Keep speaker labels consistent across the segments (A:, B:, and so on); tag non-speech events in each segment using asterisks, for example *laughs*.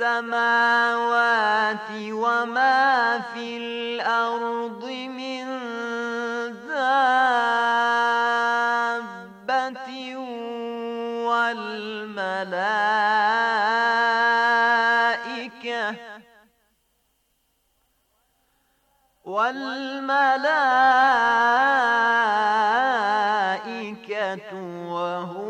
A: السماوات وما في الأرض من دابة والملائكة والملائكة وهو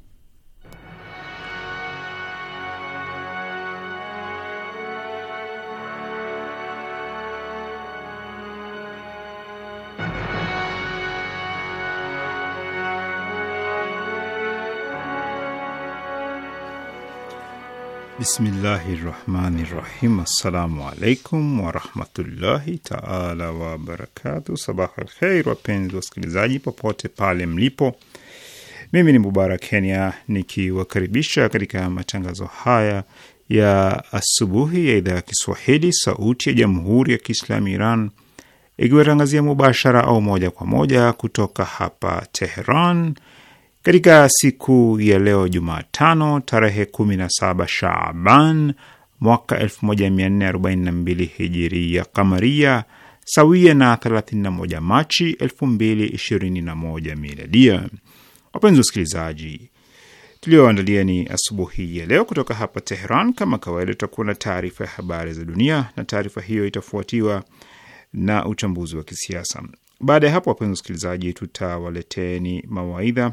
B: Bismillahi rahmani rahim. Assalamu alaikum warahmatullahi taala wabarakatu. Sabah alkheir, wapenzi wasikilizaji popote pale mlipo, mimi ni Mubarak Kenya nikiwakaribisha katika matangazo haya ya asubuhi ya idhaa ya Kiswahili sauti ya jamhuri ya Kiislamu Iran ikiwatangazia mubashara au moja kwa moja kutoka hapa teheran katika siku ya leo Jumatano tarehe 17 Shaaban mwaka 1442 hijiria kamaria sawia na 31 Machi 2021 miladia. Wapenzi wa usikilizaji, tulioandalia ni asubuhi ya leo kutoka hapa Teheran. Kama kawaida, tutakuwa na taarifa ya habari za dunia na taarifa hiyo itafuatiwa na uchambuzi wa kisiasa. Baada ya hapo, wapenzi wasikilizaji, tutawaleteni mawaidha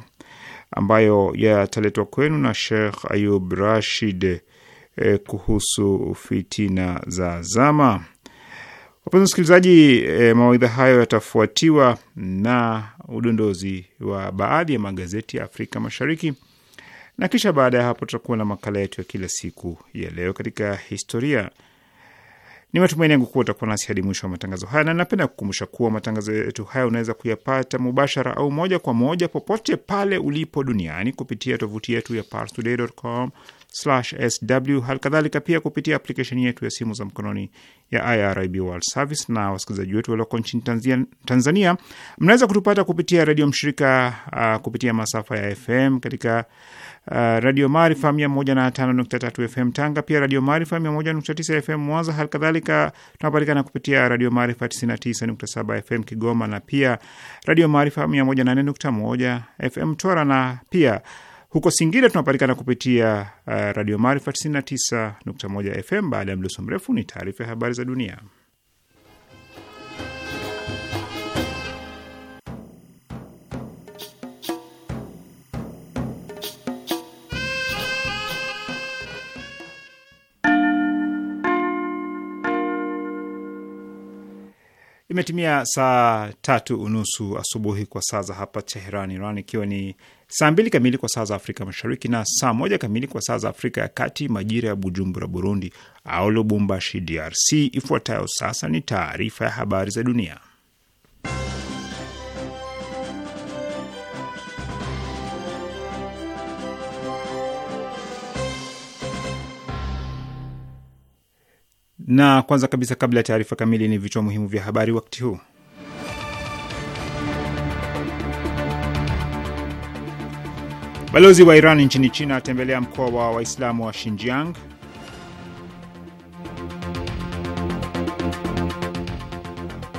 B: ambayo yataletwa kwenu na Shekh Ayub Rashid eh, kuhusu fitina za zama. Wapenzi wasikilizaji, eh, mawaidha hayo yatafuatiwa na udondozi wa baadhi ya magazeti ya Afrika Mashariki, na kisha baada ya hapo tutakuwa na makala yetu ya kila siku ya leo katika historia ni matumaini yangu kuwa utakuwa nasi hadi mwisho wa matangazo haya, na napenda kukumbusha kuwa matangazo yetu haya unaweza kuyapata mubashara au moja kwa moja popote pale ulipo duniani kupitia tovuti yetu ya parstoday.com/sw, halikadhalika pia kupitia aplikesheni yetu ya simu za mkononi ya IRIB World Service. Na wasikilizaji wetu walioko nchini Tanzania, mnaweza kutupata kupitia redio mshirika, uh, kupitia masafa ya FM katika Uh, Radio Maarifa 105.3 FM Tanga, pia Radio Maarifa 101.9 FM Mwanza. Hali kadhalika tunapatikana kupitia Radio Maarifa 99.7 FM Kigoma na pia Radio Maarifa 108.1 FM tora na pia huko Singida tunapatikana kupitia uh, Radio Maarifa 99.1 FM. Baada ya mdoso mrefu ni taarifa ya habari za dunia. Imetimia saa tatu unusu asubuhi kwa saa za hapa Teheran, Iran, ikiwa ni saa mbili kamili kwa saa za Afrika Mashariki na saa moja kamili kwa saa za Afrika ya Kati, majira ya Bujumbura, Burundi, au Lubumbashi, DRC. Ifuatayo sasa ni taarifa ya habari za dunia. Na kwanza kabisa, kabla ya taarifa kamili, ni vichwa muhimu vya habari wakati huu. Balozi wa Iran nchini China atembelea mkoa wa Waislamu wa Xinjiang.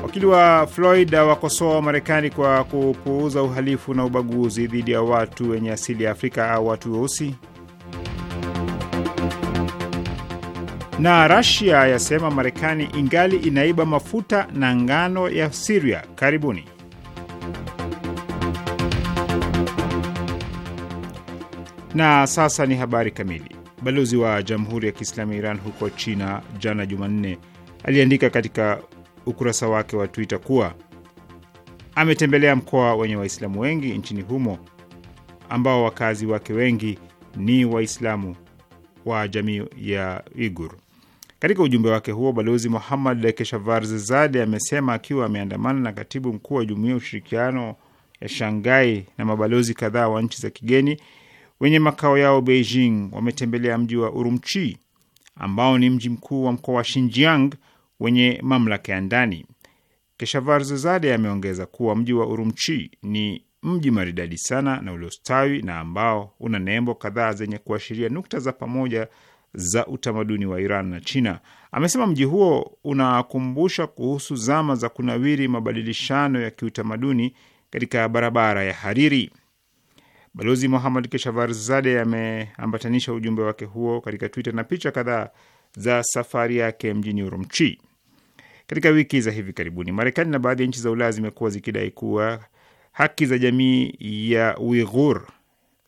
B: Wakili wa Floyd awakosoa wa Marekani kwa kupuuza uhalifu na ubaguzi dhidi ya watu wenye asili ya Afrika au watu weusi. na Rasia yasema Marekani ingali inaiba mafuta na ngano ya Siria. Karibuni. Na sasa ni habari kamili. Balozi wa Jamhuri ya Kiislamu Iran huko China jana Jumanne aliandika katika ukurasa wake wa Twitter kuwa ametembelea mkoa wenye Waislamu wengi nchini humo ambao wakazi wake wengi ni Waislamu wa jamii ya igur katika ujumbe wake huo, balozi Muhammad zezade amesema akiwa ameandamana na katibu mkuu wa jumuiya ya ushirikiano ya Shangai na mabalozi kadhaa wa nchi za kigeni wenye makao yao Beijing wametembelea mji wa Urumqi ambao ni mji mkuu wa mkoa wa Xinjiang wenye mamlaka ya ndani. zezade ameongeza kuwa mji wa Urumqi ni mji maridadi sana na uliostawi na ambao una nembo kadhaa zenye kuashiria nukta za pamoja za utamaduni wa Iran na China. Amesema mji huo unakumbusha kuhusu zama za kunawiri mabadilishano ya kiutamaduni katika barabara ya Hariri. Balozi muhamad Keshavarzade ameambatanisha ujumbe wake huo katika Twitter na picha kadhaa za safari yake mjini Urumchi. Katika wiki za hivi karibuni, Marekani na baadhi ya nchi za Ulaya zimekuwa zikidai kuwa haki za jamii ya Uighur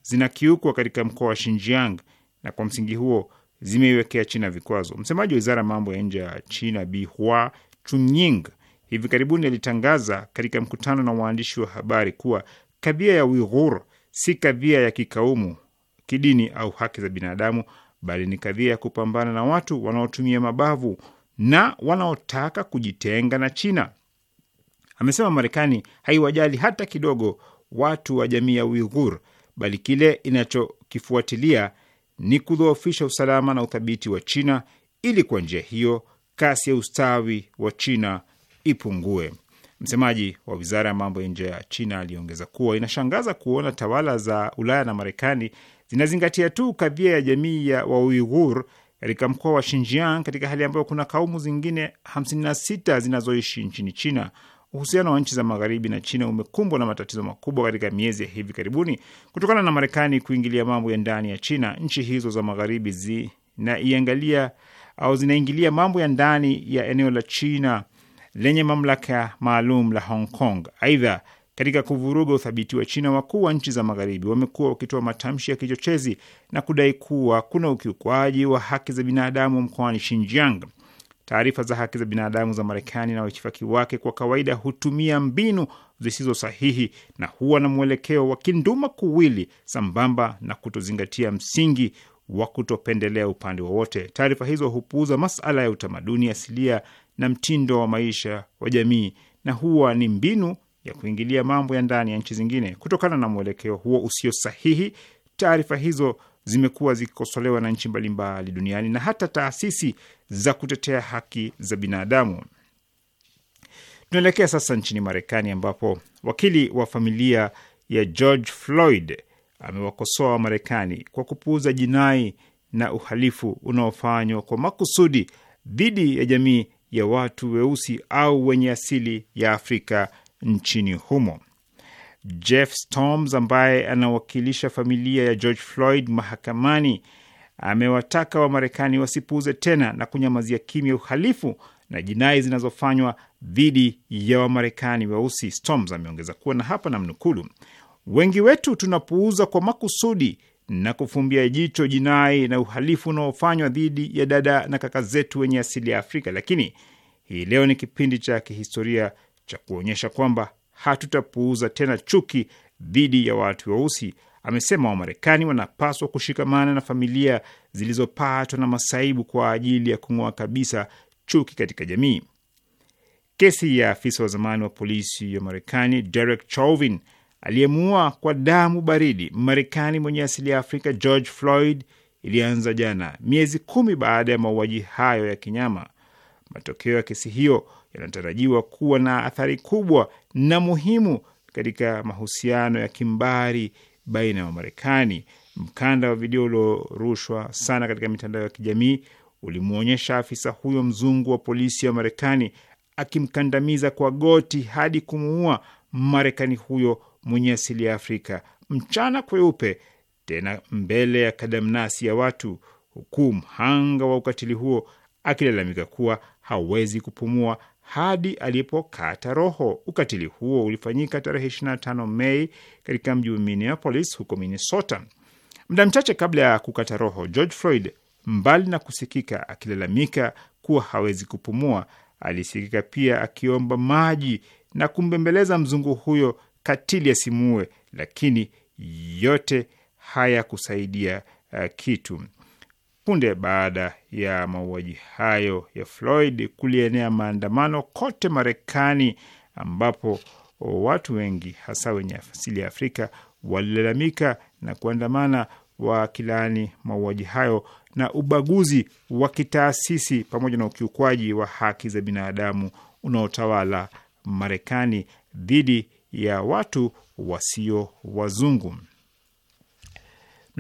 B: zinakiukwa katika mkoa wa Shinjiang, na kwa msingi huo zimeiwekea China vikwazo. Msemaji wa wizara ya mambo ya nje ya China Bi Hua Chunying hivi karibuni alitangaza katika mkutano na waandishi wa habari kuwa kadhia ya Uighur si kadhia ya kikaumu, kidini au haki za binadamu, bali ni kadhia ya kupambana na watu wanaotumia mabavu na wanaotaka kujitenga na China. Amesema Marekani haiwajali hata kidogo watu wa jamii ya Uighur, bali kile inachokifuatilia ni kudhoofisha usalama na uthabiti wa China ili kwa njia hiyo kasi ya ustawi wa China ipungue. Msemaji wa wizara ya mambo ya nje ya China aliongeza kuwa inashangaza kuona tawala za Ulaya na Marekani zinazingatia tu kadhia ya jamii ya Wauighur katika mkoa wa Xinjiang katika hali ambayo kuna kaumu zingine 56 zinazoishi nchini China uhusiano wa nchi za magharibi na China umekumbwa na matatizo makubwa katika miezi ya hivi karibuni kutokana na Marekani kuingilia mambo ya ndani ya China. Nchi hizo za magharibi zinaiangalia au zinaingilia mambo ya ndani ya eneo la China lenye mamlaka maalum la Hong Kong. Aidha, katika kuvuruga uthabiti wa China, wakuu wa nchi za magharibi wamekuwa wakitoa matamshi ya kichochezi na kudai kuwa kuna ukiukwaji wa haki za binadamu mkoani Xinjiang taarifa za haki za binadamu za Marekani na waitifaki wake kwa kawaida hutumia mbinu zisizo sahihi na huwa na mwelekeo wa kinduma kuwili sambamba na kutozingatia msingi wa kutopendelea upande wowote. Taarifa hizo hupuuza masala ya utamaduni asilia na mtindo wa maisha wa jamii na huwa ni mbinu ya kuingilia mambo ya ndani ya nchi zingine. Kutokana na mwelekeo huo usio sahihi, taarifa hizo zimekuwa zikikosolewa na nchi mbalimbali duniani na hata taasisi za kutetea haki za binadamu. Tunaelekea sasa nchini Marekani ambapo wakili wa familia ya George Floyd amewakosoa Wamarekani kwa kupuuza jinai na uhalifu unaofanywa kwa makusudi dhidi ya jamii ya watu weusi au wenye asili ya Afrika nchini humo. Jeff Storms ambaye anawakilisha familia ya George Floyd mahakamani amewataka Wamarekani wasipuuze tena na kunyamazia kimya uhalifu na jinai zinazofanywa dhidi ya Wamarekani weusi. Storms ameongeza kuwa na hapa namnukulu, wengi wetu tunapuuza kwa makusudi na kufumbia jicho jinai na uhalifu unaofanywa dhidi ya dada na kaka zetu wenye asili ya Afrika, lakini hii leo ni kipindi cha kihistoria cha kuonyesha kwamba hatutapuuza tena chuki dhidi ya watu weusi. Amesema Wamarekani wanapaswa kushikamana na familia zilizopatwa na masaibu kwa ajili ya kung'oa kabisa chuki katika jamii. Kesi ya afisa wa zamani wa polisi ya Marekani Derek Chauvin aliyemuua kwa damu baridi Marekani mwenye asili ya Afrika George Floyd ilianza jana, miezi kumi baada ya mauaji hayo ya kinyama. Matokeo ya kesi hiyo yanatarajiwa kuwa na athari kubwa na muhimu katika mahusiano ya kimbari baina ya Wamarekani. Mkanda wa video uliorushwa sana katika mitandao ya kijamii ulimwonyesha afisa huyo mzungu wa polisi wa Marekani akimkandamiza kwa goti hadi kumuua Marekani huyo mwenye asili ya Afrika mchana kweupe, tena mbele ya kadamnasi ya watu, huku mhanga wa ukatili huo akilalamika kuwa hawezi kupumua hadi alipokata roho. Ukatili huo ulifanyika tarehe 25 Mei katika mji wa Minneapolis huko Minnesota. Muda mchache kabla ya kukata roho, George Floyd, mbali na kusikika akilalamika kuwa hawezi kupumua, alisikika pia akiomba maji na kumbembeleza mzungu huyo katili asimuue, lakini yote hayakusaidia uh, kitu. Punde baada ya mauaji hayo ya Floyd, kulienea maandamano kote Marekani, ambapo watu wengi hasa wenye asili ya Afrika walilalamika na kuandamana wakilaani mauaji hayo na ubaguzi wa kitaasisi pamoja na ukiukwaji wa haki za binadamu unaotawala Marekani dhidi ya watu wasio wazungu.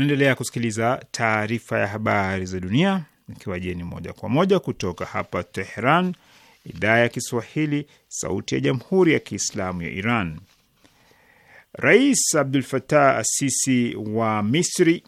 B: Unaendelea kusikiliza taarifa ya habari za dunia ikiwa jeni moja kwa moja kutoka hapa Tehran, idhaa ya Kiswahili, sauti ya jamhuri ya kiislamu ya Iran. Rais Abdul Fatah Asisi wa Misri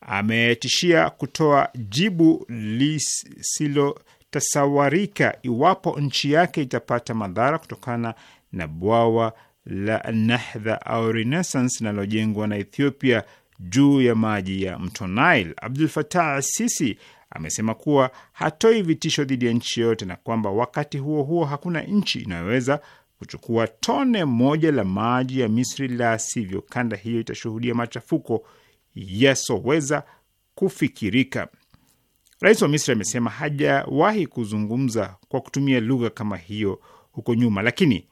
B: ametishia kutoa jibu lisilotasawarika iwapo nchi yake itapata madhara kutokana na bwawa la Nahdha au Renaissance linalojengwa na Ethiopia juu ya maji ya mto Nile. Abdul Fatah Sisi amesema kuwa hatoi vitisho dhidi ya nchi yoyote na kwamba wakati huo huo hakuna nchi inayoweza kuchukua tone moja la maji ya Misri, la sivyo kanda hiyo itashuhudia machafuko yasoweza kufikirika. Rais wa Misri amesema hajawahi kuzungumza kwa kutumia lugha kama hiyo huko nyuma, lakini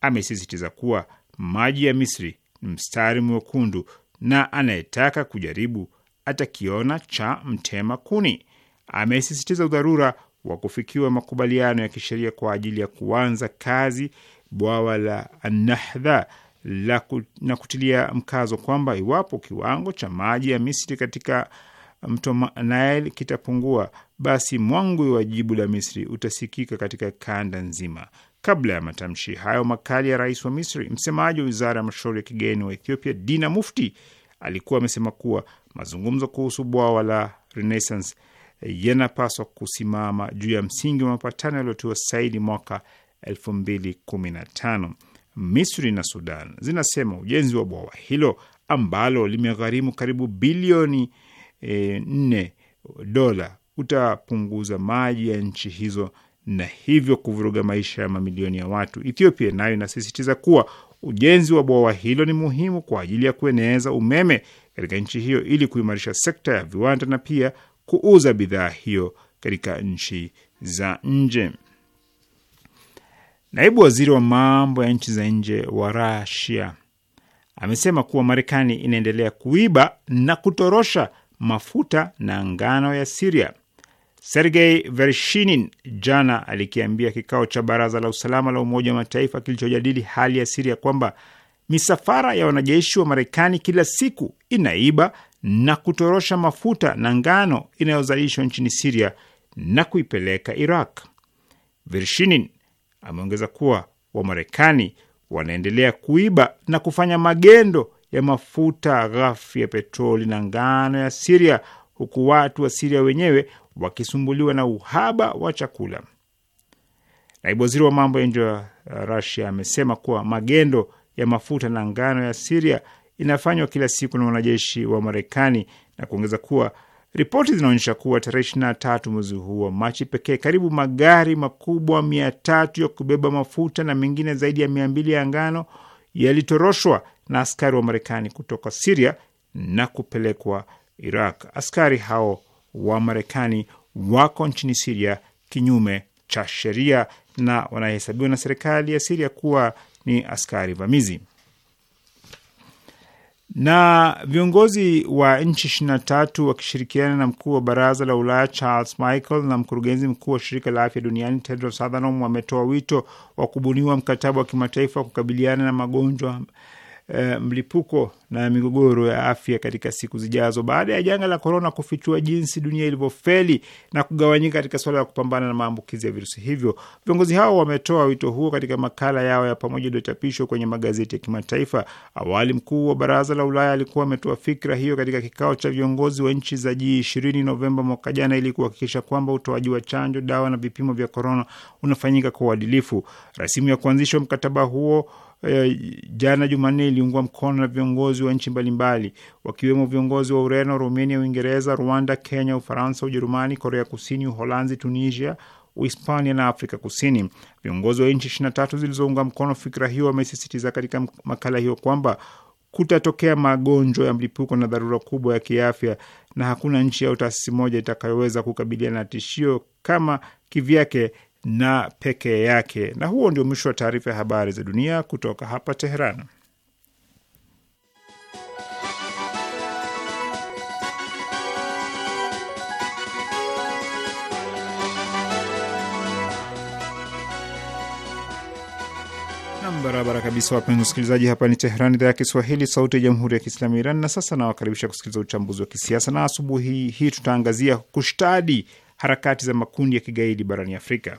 B: amesisitiza kuwa maji ya Misri ni mstari mwekundu na anayetaka kujaribu atakiona cha mtema kuni. Amesisitiza udharura wa kufikiwa makubaliano ya kisheria kwa ajili ya kuanza kazi bwawa la Nahdha na kutilia mkazo kwamba iwapo kiwango cha maji ya Misri katika mto Nile kitapungua, basi mwangwi wa jibu la Misri utasikika katika kanda nzima. Kabla ya matamshi hayo makali ya rais wa Misri, msemaji wa wizara ya mashauri ya kigeni wa Ethiopia Dina Mufti alikuwa amesema kuwa mazungumzo kuhusu bwawa la Renaissance yanapaswa kusimama juu ya msingi wa mapatano yaliyotiwa saini mwaka 2015. Misri na Sudan zinasema ujenzi wa bwawa hilo ambalo limegharimu karibu bilioni eh, e, 4 dola utapunguza maji ya nchi hizo na hivyo kuvuruga maisha ya mamilioni ya watu. Ethiopia nayo inasisitiza kuwa ujenzi wa bwawa hilo ni muhimu kwa ajili ya kueneza umeme katika nchi hiyo ili kuimarisha sekta ya viwanda na pia kuuza bidhaa hiyo katika nchi za nje. Naibu waziri wa mambo ya nchi za nje wa Rasia amesema kuwa Marekani inaendelea kuiba na kutorosha mafuta na ngano ya Siria. Sergei Vershinin jana alikiambia kikao cha baraza la usalama la Umoja wa Mataifa kilichojadili hali ya Siria kwamba misafara ya wanajeshi wa Marekani kila siku inaiba na kutorosha mafuta na ngano inayozalishwa nchini Siria na kuipeleka Iraq. Vershinin ameongeza kuwa Wamarekani wanaendelea kuiba na kufanya magendo ya mafuta ghafi ya petroli na ngano ya Siria huku watu wa Siria wenyewe wakisumbuliwa na uhaba wa chakula. Naibu waziri wa mambo ya nje wa Rasia amesema kuwa magendo ya mafuta na ngano ya Siria inafanywa kila siku na wanajeshi wa Marekani na kuongeza kuwa ripoti zinaonyesha kuwa tarehe 23 mwezi huu wa Machi pekee karibu magari makubwa mia tatu ya kubeba mafuta na mengine zaidi ya mia mbili ya ngano yalitoroshwa na askari wa Marekani kutoka Siria na kupelekwa Iraq. Askari hao wa Marekani wako nchini Siria kinyume cha sheria na wanahesabiwa na serikali ya Siria kuwa ni askari vamizi. Na viongozi wa nchi ishirini na tatu wakishirikiana na mkuu wa baraza la Ulaya Charles Michael na mkurugenzi mkuu wa shirika la afya duniani Tedros Adhanom wametoa wito wa kubuniwa mkataba wa kimataifa wa kukabiliana na magonjwa e, mlipuko na migogoro ya afya katika siku zijazo baada ya janga la korona kufichua jinsi dunia ilivyofeli na kugawanyika katika suala la kupambana na maambukizi ya virusi hivyo. Viongozi hao wametoa wito huo katika makala yao ya pamoja iliyochapishwa kwenye magazeti ya kimataifa. Awali mkuu wa baraza la Ulaya alikuwa ametoa fikra hiyo katika kikao cha viongozi wa nchi za g ishirini Novemba mwaka jana, ili kuhakikisha kwamba utoaji wa chanjo, dawa na vipimo vya korona unafanyika kwa uadilifu. Rasimu ya kuanzishwa mkataba huo e, jana Jumanne iliungwa mkono na viongozi wa nchi mbalimbali wakiwemo viongozi wa Ureno, Rumania, Uingereza, Rwanda, Kenya, Ufaransa, Ujerumani, Korea Kusini, Uholanzi, Tunisia, Uhispania na Afrika Kusini. Viongozi wa nchi 23 zilizounga mkono fikra hiyo wamesisitiza katika makala hiyo kwamba kutatokea magonjwa ya mlipuko na dharura kubwa ya kiafya na hakuna nchi au taasisi moja itakayoweza kukabiliana na tishio kama kivyake na pekee yake. Na huo ndio mwisho wa taarifa ya habari za dunia kutoka hapa Teheran. Barabara kabisa, wapenzi wasikilizaji, hapa ni Teheran, idhaa ya Kiswahili, sauti ya jamhuri ya kiislamu ya Iran. Na sasa nawakaribisha kusikiliza uchambuzi wa kisiasa, na asubuhi hii tutaangazia kushtadi harakati za makundi ya kigaidi barani Afrika.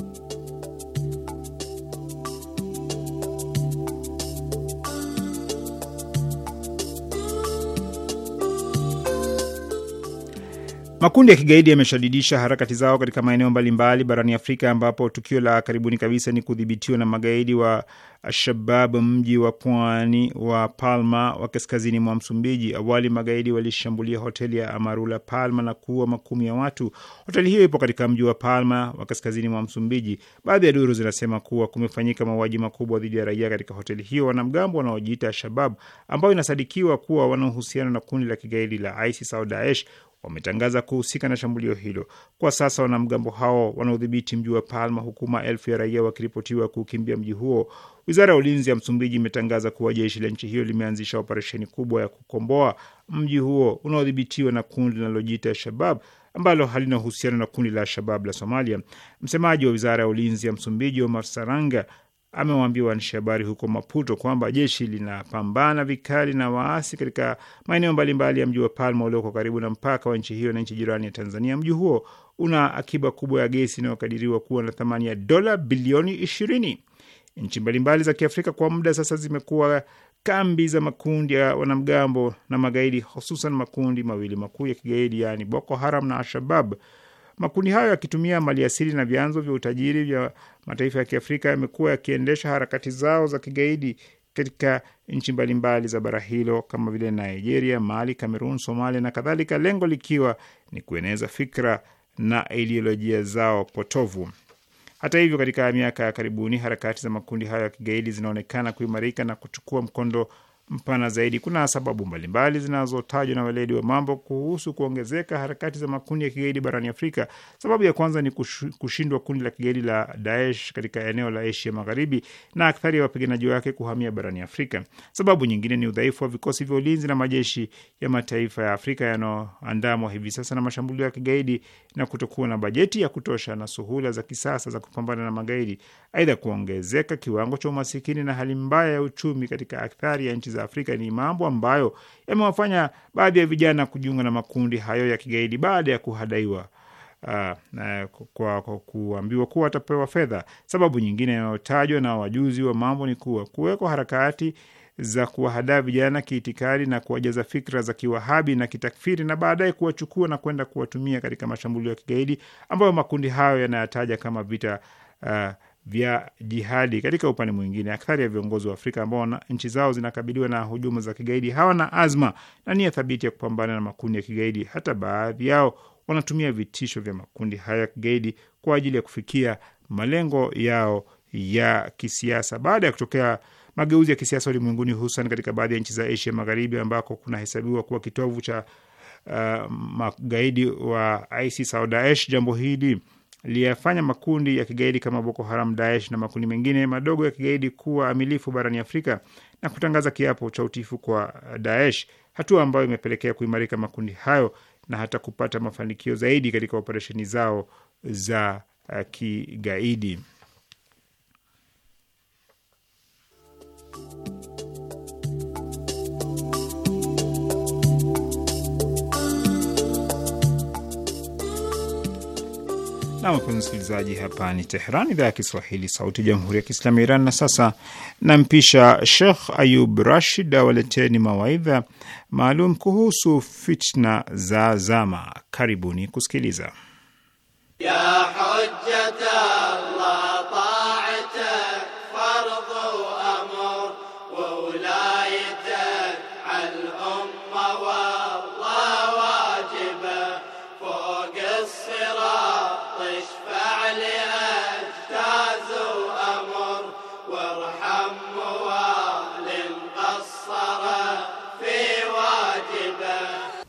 B: Makundi ya kigaidi yameshadidisha harakati zao katika maeneo mbalimbali barani Afrika, ambapo tukio la karibuni kabisa ni kudhibitiwa na magaidi wa Alshabab mji wa pwani wa Palma wa kaskazini mwa Msumbiji. Awali magaidi walishambulia hoteli ya Amarula Palma na kuua makumi ya watu. Hoteli hiyo ipo katika mji wa Palma wa kaskazini mwa Msumbiji. Baadhi ya duru zinasema kuwa kumefanyika mauaji makubwa dhidi ya raia katika hoteli hiyo. Wanamgambo wanaojiita Alshabab, ambao inasadikiwa kuwa wana uhusiano na kundi la kigaidi la ISIS au Daesh, wametangaza kuhusika na shambulio hilo. Kwa sasa wanamgambo hao wanaodhibiti mji wa Palma, huku maelfu ya raia wakiripotiwa kukimbia mji huo. Wizara ya ulinzi ya Msumbiji imetangaza kuwa jeshi la nchi hiyo limeanzisha operesheni kubwa ya kukomboa mji huo unaodhibitiwa na kundi linalojiita Shabab ambalo halina uhusiano na kundi la Shabab la Somalia. Msemaji wa wizara ya ulinzi ya Msumbiji, Omar Saranga, amewaambia waandishi habari huko Maputo kwamba jeshi linapambana vikali na waasi katika maeneo mbalimbali ya mji wa Palma ulioko karibu na mpaka wa nchi hiyo na nchi jirani ya Tanzania. Mji huo una akiba kubwa ya gesi inayokadiriwa kuwa na thamani ya dola bilioni ishirini. Nchi mbalimbali za Kiafrika kwa muda sasa zimekuwa kambi za makundi ya wanamgambo na magaidi, hususan makundi mawili makuu ya kigaidi, yaani Boko Haram na Al-Shabab Makundi hayo yakitumia maliasili na vyanzo vya utajiri vya mataifa ya Kiafrika yamekuwa yakiendesha harakati zao za kigaidi katika nchi mbalimbali za bara hilo kama vile Nigeria, Mali, Kamerun, Somalia na kadhalika, lengo likiwa ni kueneza fikra na ideolojia zao potovu. Hata hivyo, katika miaka ya karibuni harakati za makundi hayo ya kigaidi zinaonekana kuimarika na kuchukua mkondo mpana zaidi. Kuna sababu mbalimbali zinazotajwa na weledi wa mambo kuhusu kuongezeka harakati za makundi ya kigaidi barani Afrika. Sababu ya kwanza ni kushindwa kundi la kigaidi la Daesh katika eneo la Asia Magharibi na akthari ya wapiganaji wake kuhamia barani Afrika. Sababu nyingine ni udhaifu wa vikosi vya ulinzi na majeshi ya mataifa ya Afrika yanayoandamwa hivi sasa na mashambulio ya kigaidi na kutokuwa na bajeti ya kutosha na suhula za kisasa za kupambana na magaidi. Aidha, kuongezeka kiwango cha umasikini na hali mbaya ya uchumi katika akthari ya nchi za za Afrika ni mambo ambayo yamewafanya baadhi ya vijana kujiunga na makundi hayo ya kigaidi baada ya kuhadaiwa ah, kwa, kwa kuambiwa kuwa watapewa fedha. Sababu nyingine inayotajwa na wajuzi wa mambo ni kuwa kuwekwa harakati za kuwahadaa vijana kiitikadi na kuwajaza fikra za kiwahabi na kitakfiri na baadaye kuwachukua na kwenda kuwatumia katika mashambulio ya kigaidi ambayo makundi hayo yanayataja kama vita uh, vya jihadi. Katika upande mwingine, akthari ya viongozi wa Afrika ambao nchi zao zinakabiliwa na hujuma za kigaidi hawana azma na nia thabiti ya kupambana na makundi ya kigaidi. Hata baadhi yao wanatumia vitisho vya makundi haya ya kigaidi kwa ajili ya kufikia malengo yao ya kisiasa. Baada ya kutokea mageuzi ya kisiasa ulimwenguni, hususan katika baadhi ya nchi za Asia Magharibi, ambako kunahesabiwa kuwa kitovu cha uh, magaidi wa ISIS au Daesh, jambo hili liyafanya makundi ya kigaidi kama Boko Haram, Daesh na makundi mengine madogo ya kigaidi kuwa amilifu barani Afrika na kutangaza kiapo cha utifu kwa Daesh, hatua ambayo imepelekea kuimarika makundi hayo na hata kupata mafanikio zaidi katika operesheni zao za uh, kigaidi. Na wapenzi msikilizaji, hapa ni Tehran, idhaa ya Kiswahili, sauti ya jamhuri ya kiislamu ya Iran. Na sasa nampisha Shekh Ayub Rashid awaleteni mawaidha maalum kuhusu fitna za zama. Karibuni kusikiliza
A: ya hujjata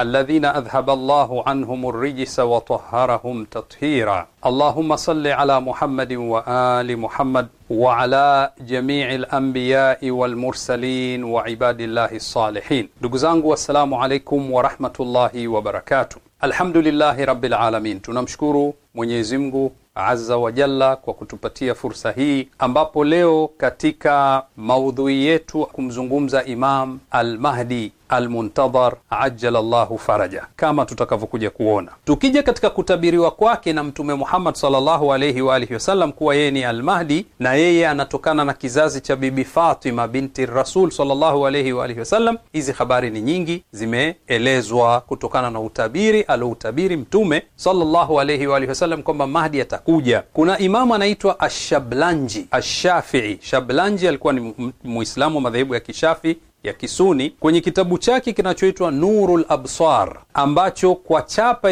C: الذين أذهب الله عنهم الرجس وطهرهم تطهيرا اللهم صل على محمد وآل محمد وعلى جميع الأنبياء والمرسلين وعباد الله الصالحين دقزانق والسلام عليكم ورحمة الله وبركاته الحمد لله رب العالمين تنمشكرو من Mungu azza wa jalla kwa kutupatia fursa hii, ambapo leo katika maudhui yetu kumzungumza Imam al-Mahdi ajala llahu faraja, kama tutakavyokuja kuona tukija katika kutabiriwa kwake na Mtume Muhammad sallallahu wa alihi wasallam kuwa yeye ni al-Mahdi na yeye anatokana na kizazi cha Bibi Fatima binti Rasul sallallahu wa alihi wasallam. Hizi habari ni nyingi, zimeelezwa kutokana na utabiri alioutabiri Mtume sallallahu wa alihi wasallam kwamba Mahdi ata kuja. Kuna imamu anaitwa Ashablanji Ashafii. Shablanji alikuwa ni Muislamu wa madhehebu ya Kishafi ya Kisuni. Kwenye kitabu chake kinachoitwa Nurul Absar ambacho kwa chapa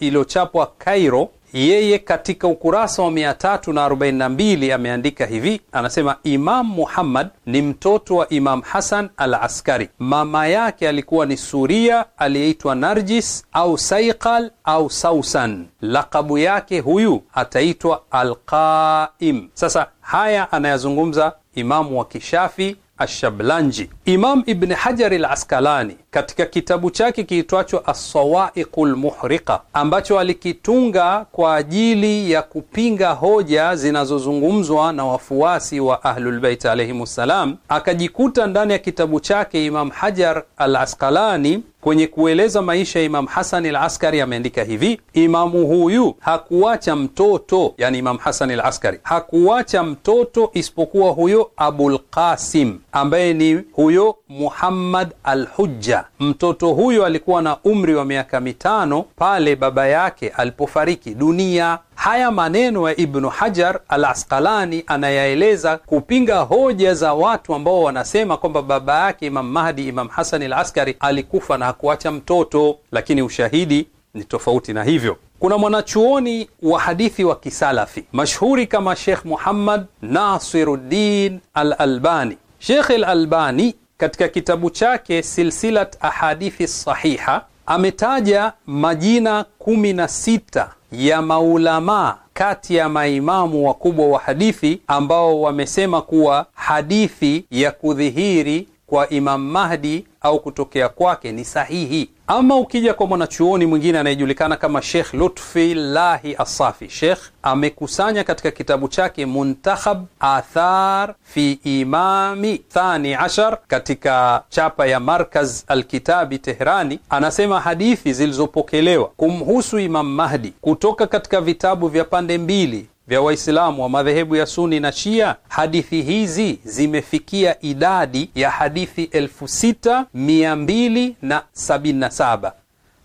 C: iliyochapwa Cairo yeye katika ukurasa wa 342 ameandika hivi, anasema Imam Muhammad ni mtoto wa Imam Hasan al Askari. Mama yake alikuwa ni suria aliyeitwa Narjis au Saiqal au Sausan. Lakabu yake huyu ataitwa Alqaim. Sasa haya anayazungumza imamu wa kishafi Ashablanji. Imam Ibni hajar al Askalani katika kitabu chake kiitwacho Assawaiqu Lmuhriqa ambacho alikitunga kwa ajili ya kupinga hoja zinazozungumzwa na wafuasi wa Ahlulbeit alaihim ssalam, akajikuta ndani ya kitabu chake Imam Hajar al Asqalani kwenye kueleza maisha ya Imam Hasan al Askari ameandika hivi: imamu huyu hakuwacha mtoto, yani Imam Hasan al Askari hakuwacha mtoto isipokuwa huyo Abulqasim ambaye ni huyo Muhammad al Hujja mtoto huyo alikuwa na umri wa miaka mitano pale baba yake alipofariki dunia. Haya maneno ya Ibnu Hajar al Asqalani anayaeleza kupinga hoja za watu ambao wanasema kwamba baba yake Imam Mahdi, Imam hasan al Askari, alikufa na hakuacha mtoto, lakini ushahidi ni tofauti na hivyo. Kuna mwanachuoni wa hadithi wa kisalafi mashhuri kama Shekh Muhammad Nasiruddin al Albani. Shekh al Albani katika kitabu chake Silsilat Ahadithi Sahiha ametaja majina kumi na sita ya maulamaa kati ya maimamu wakubwa wa hadithi ambao wamesema kuwa hadithi ya kudhihiri kwa Imam Mahdi au kutokea kwake ni sahihi. Ama ukija kwa mwanachuoni mwingine anayejulikana kama Sheikh Lutfi Lahi Assafi, Sheikh amekusanya katika kitabu chake Muntakhab Athar fi Imami Thani Ashar katika chapa ya Markaz Alkitabi Tehrani, anasema hadithi zilizopokelewa kumhusu Imam Mahdi kutoka katika vitabu vya pande mbili vya Waislamu wa madhehebu ya Suni na Shia, hadithi hizi zimefikia idadi ya hadithi 6277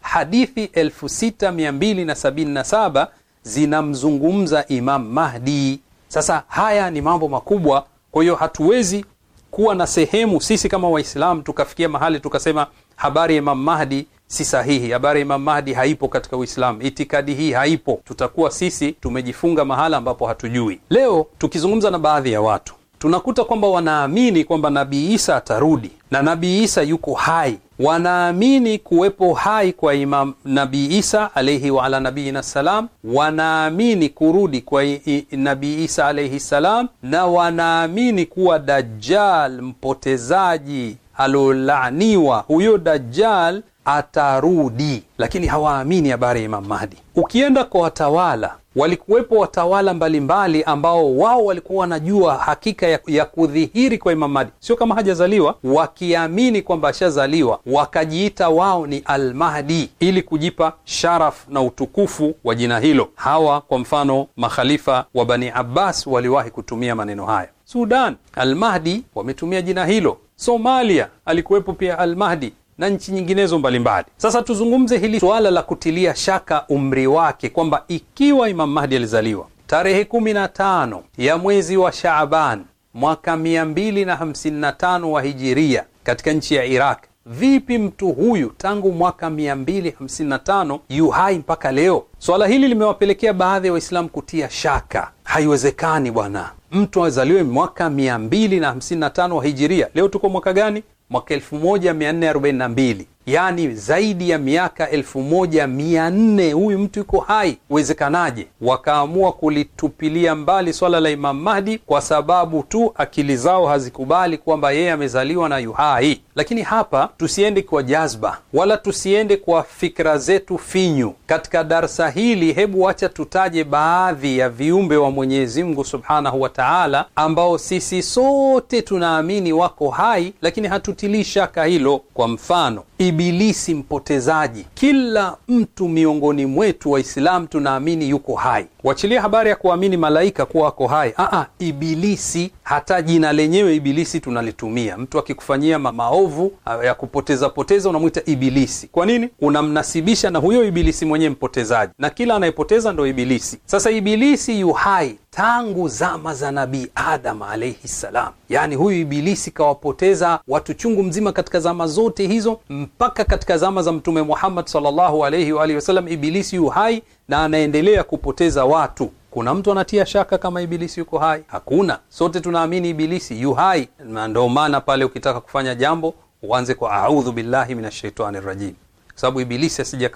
C: hadithi 6277 zinamzungumza Imam Mahdi. Sasa haya ni mambo makubwa, kwa hiyo hatuwezi kuwa na sehemu sisi kama Waislamu tukafikia mahali tukasema habari ya Imam Mahdi si sahihi. Habari ya Imam Mahdi haipo katika Uislamu, itikadi hii haipo. Tutakuwa sisi tumejifunga mahala ambapo hatujui. Leo tukizungumza na baadhi ya watu tunakuta kwamba wanaamini kwamba Nabii Isa atarudi na Nabii Isa yuko hai, wanaamini kuwepo hai kwa Imam Nabii Isa alaihi waala nabiina salam, wanaamini kurudi kwa Nabii Isa alaihi salam, na wanaamini kuwa Dajjal mpotezaji alolaaniwa huyo Dajjal atarudi, lakini hawaamini habari ya Imam Mahdi. Ukienda kwa watawala, walikuwepo watawala mbalimbali mbali ambao wao walikuwa wanajua hakika ya, ya kudhihiri kwa Imam Mahdi, sio kama hajazaliwa, wakiamini kwamba ashazaliwa, wakajiita wao ni Almahdi ili kujipa sharaf na utukufu wa jina hilo. Hawa kwa mfano makhalifa wa Bani Abbas waliwahi kutumia maneno haya Sudan Almahdi wametumia jina hilo. Somalia alikuwepo pia Almahdi na nchi nyinginezo mbalimbali. Sasa tuzungumze hili suala la kutilia shaka umri wake, kwamba ikiwa Imam Mahdi alizaliwa tarehe 15 ya mwezi wa Shaaban mwaka 255 wa hijiria katika nchi ya Iraq, vipi mtu huyu tangu mwaka 255 yu hai mpaka leo? Swala hili limewapelekea baadhi ya wa Waislamu kutia shaka. Haiwezekani bwana, mtu azaliwe mwaka 255 wa hijiria, leo tuko mwaka gani? mwaka 1442 yani zaidi ya miaka elfu moja mia nne huyu mtu yuko hai, uwezekanaje? Wakaamua kulitupilia mbali swala la Imam Mahdi kwa sababu tu akili zao hazikubali kwamba yeye amezaliwa na yuhai. Lakini hapa tusiende kwa jazba wala tusiende kwa fikra zetu finyu. Katika darsa hili, hebu wacha tutaje baadhi ya viumbe wa Mwenyezi Mungu subhanahu wa taala ambao sisi sote tunaamini wako hai, lakini hatutilii shaka hilo. Kwa mfano ibilisi mpotezaji. Kila mtu miongoni mwetu Waislamu tunaamini yuko hai, Kuachilia habari ya kuamini malaika kuwa wako hai, aa, ah, ah, Ibilisi, hata jina lenyewe Ibilisi tunalitumia. Mtu akikufanyia maovu ah, ya kupoteza poteza, unamwita Ibilisi. Kwa nini? Unamnasibisha na huyo Ibilisi mwenyewe mpotezaji, na kila anayepoteza ndo Ibilisi. Sasa Ibilisi yu hai tangu zama za Nabii Adam alaihi salam. Yaani huyu Ibilisi kawapoteza watu chungu mzima katika zama zote hizo mpaka katika zama za Mtume Muhammad sallallahu alaihi wa alihi wasallam. Ibilisi yu hai na anaendelea kupoteza watu. Kuna mtu anatia shaka kama Ibilisi yuko hai? Hakuna, sote tunaamini Ibilisi yu hai, na ndio maana pale ukitaka kufanya jambo uanze kwa audhu billahi minashaitani rajim, kwa sababu Ibilisi asije